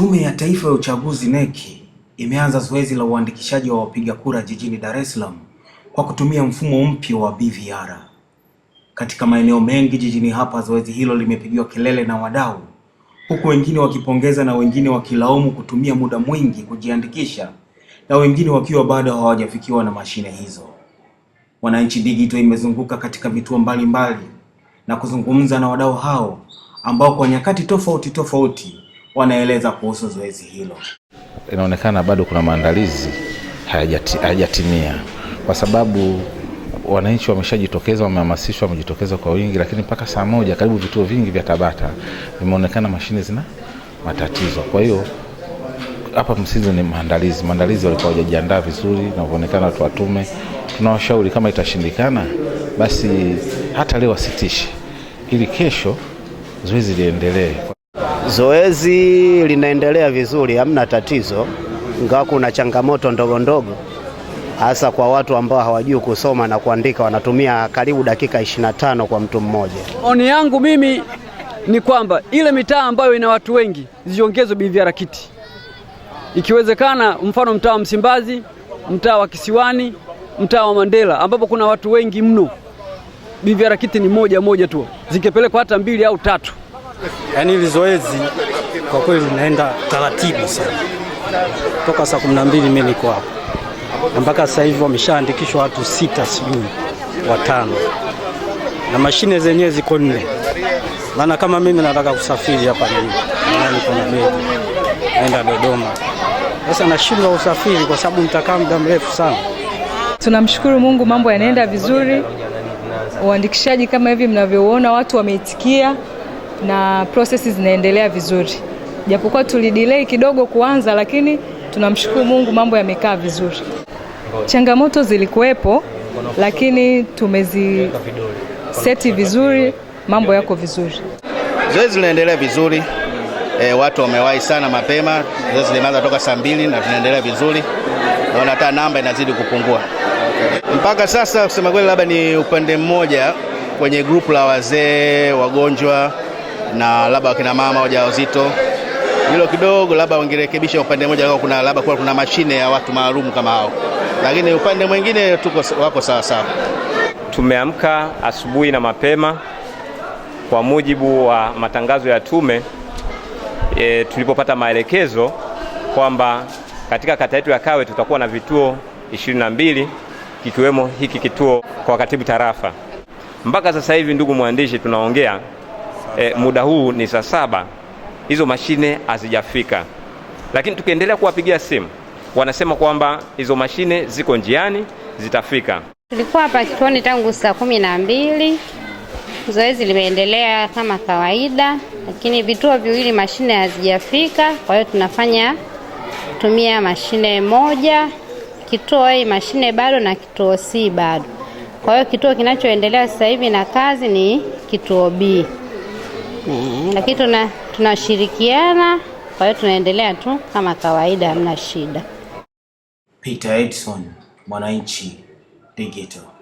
Tume ya Taifa ya Uchaguzi NEC imeanza zoezi la uandikishaji wa wapiga kura jijini Dar es Salaam kwa kutumia mfumo mpya wa BVR. Katika maeneo mengi jijini hapa, zoezi hilo limepigiwa kelele na wadau, huku wengine wakipongeza na wengine wakilaumu kutumia muda mwingi kujiandikisha na wengine wakiwa bado hawajafikiwa na mashine hizo. Wananchi Digital imezunguka katika vituo mbalimbali na kuzungumza na wadau hao ambao kwa nyakati tofauti tofauti wanaeleza kuhusu zoezi hilo. Inaonekana bado kuna maandalizi hayajatimia, kwa sababu wananchi wameshajitokeza, wamehamasishwa, wamejitokeza kwa wingi, lakini mpaka saa moja karibu vituo vingi vya Tabata vimeonekana mashine zina matatizo. Kwa hiyo hapa msingi ni maandalizi, maandalizi walikuwa hawajajiandaa vizuri, inavyoonekana watu watume. Tunawashauri kama itashindikana, basi hata leo wasitishe ili kesho zoezi liendelee. Zoezi linaendelea vizuri, hamna tatizo, ingawa kuna changamoto ndogo ndogo, hasa kwa watu ambao hawajui kusoma na kuandika, wanatumia karibu dakika 25 kwa mtu mmoja. Oni yangu mimi ni kwamba ile mitaa ambayo ina watu wengi ziongezwe biviarakiti ikiwezekana, mfano mtaa wa Msimbazi, mtaa wa Kisiwani, mtaa wa Mandela ambapo kuna watu wengi mno, BVR ni moja moja tu, zingepelekwa hata mbili au tatu. Yaani hili zoezi kwa kweli linaenda taratibu sana. Toka saa kumi na mbili mimi niko hapa mpaka sasa hivi wameshaandikishwa watu sita, sijui watano, na mashine zenyewe ziko nne. Maana kama mimi nataka kusafiri hapa na mimi naenda Dodoma, sasa nashindwa usafiri kwa sababu nitakaa muda mrefu sana. Tunamshukuru Mungu, mambo yanaenda vizuri. Uandikishaji kama hivi mnavyoona, watu wameitikia na prosesi zinaendelea vizuri, japokuwa tulidelay kidogo kuanza, lakini tunamshukuru Mungu mambo yamekaa vizuri. Changamoto zilikuwepo, lakini tumeziseti vizuri, mambo yako vizuri, zoezi linaendelea vizuri. E, watu wamewahi sana mapema. Zoezi limeanza toka saa mbili na tunaendelea vizuri, naona hata namba inazidi kupungua mpaka sasa. Kusema kweli, labda ni upande mmoja kwenye grupu la wazee wagonjwa na labda wakina mama wajawazito, hilo kidogo labda wangerekebisha upande mmoja, kuna labda kwa kuna mashine ya watu maalum kama hao, lakini upande mwingine tuko wako sawa sawa. Tumeamka asubuhi na mapema kwa mujibu wa matangazo ya tume e, tulipopata maelekezo kwamba katika kata yetu ya Kawe tutakuwa na vituo ishirini na mbili kikiwemo hiki kituo kwa katibu tarafa. Mpaka sasa hivi, ndugu mwandishi, tunaongea e, muda huu ni saa saba, hizo mashine hazijafika, lakini tukiendelea kuwapigia simu wanasema kwamba hizo mashine ziko njiani zitafika. Tulikuwa hapa kituoni tangu saa kumi na mbili. Zoezi limeendelea kama kawaida, lakini vituo viwili mashine hazijafika. Kwa hiyo tunafanya tumia mashine moja kituo A mashine bado na kituo C bado. Kwa hiyo kituo kinachoendelea sasa hivi na kazi ni kituo B mm, lakini tuna tunashirikiana, kwa hiyo tunaendelea tu kama kawaida, hamna shida. Peter Edson, Mwananchi Digital.